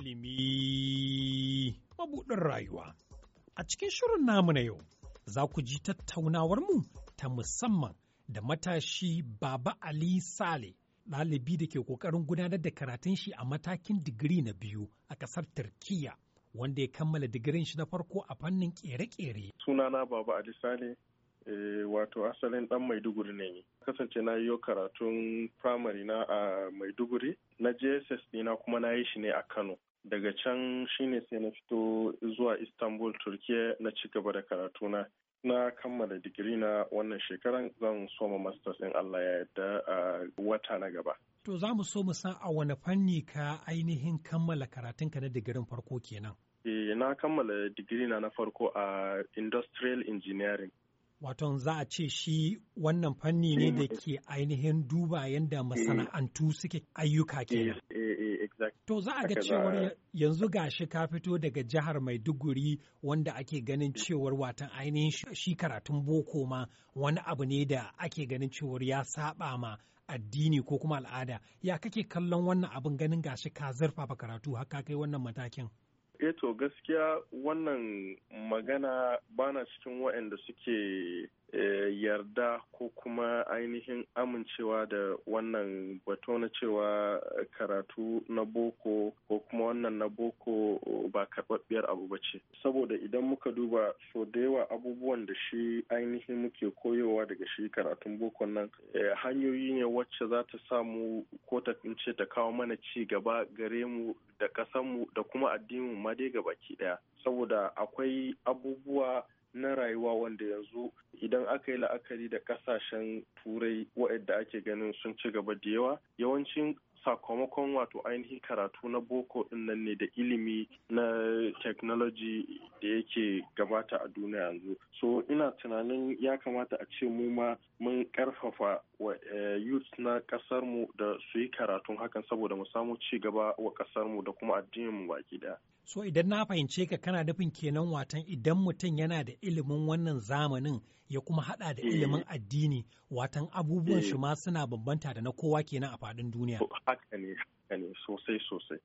ilimi mabuɗin rayuwa. A cikin shirin namu na yau, za ku ji mu ta musamman da matashi Baba Ali Sale, ɗalibi da ke ƙoƙarin gudanar da karatun shi a matakin digiri na biyu a ƙasar Turkiyya, wanda ya kammala digirin shi na farko a fannin ƙere-ƙere. Sunana Baba Ali Sale, eh, wato asalin ɗan maiduguri ne kasance na yi karatun firamare na a maiduguri na jss ɗina kuma na yi shi ne a kano daga can shine sai na fito zuwa istanbul turkiya na ci gaba da karatuna na kammala digiri na wannan shekaran zan soma masters in allah ya yadda a wata na gaba to za mu so mu san a wani fanni ka ainihin kammala karatunka na digirin farko kenan eh, na kammala digiri na na farko a industrial engineering Waton za a ce shi wannan fanni ne da ke ainihin duba yadda eh. masana'antu suke ayyuka eh, ke. Eh, to za a ga cewar yanzu gashi ka fito daga jihar Maiduguri wanda ake ganin cewar watan ainihin shi karatun boko ma wani abu ne da ake ganin cewar ya saba ma addini ko kuma al'ada. Ya kake kallon wannan abin ganin gashi ka zurfafa karatu haka kai wannan matakin? eto eh, gaskiya wannan magana bana cikin waɗanda suke yarda ko kuma ainihin amincewa da wannan bato na cewa karatu na boko ko kuma wannan na boko ba karɓaɓɓiyar abu ba ce saboda idan muka duba so da yawa abubuwan da shi ainihin muke koyowa daga shi karatun boko nan eh, hanyoyi ne wacce za ta samu ko ta ce ta kawo mana ci gaba gare mu da ƙasanmu da kuma addinin ma dai baki ɗaya saboda akwai abubuwa na rayuwa wanda yanzu idan aka yi la'akari da kasashen turai waɗanda ake ganin sun ci gaba da yawa yawancin sakamakon wato ainihin karatu na boko dinnan ne da ilimi na technology da yake gabata a duniya yanzu so ina tunanin ya kamata a ce mu ma mun karfafa wa eh, youth na kasar mu da su yi karatun hakan saboda mu samu ci gaba wa kasar mu da kuma addinin mu baki da so idan na fahimce ka kana nufin kenan watan idan mutum yana da ilimin wannan zamanin ya kuma hada da eh. ilimin addini watan abubuwan shi eh. ma suna bambanta da na kowa kenan a faɗin duniya haka ne sosai sosai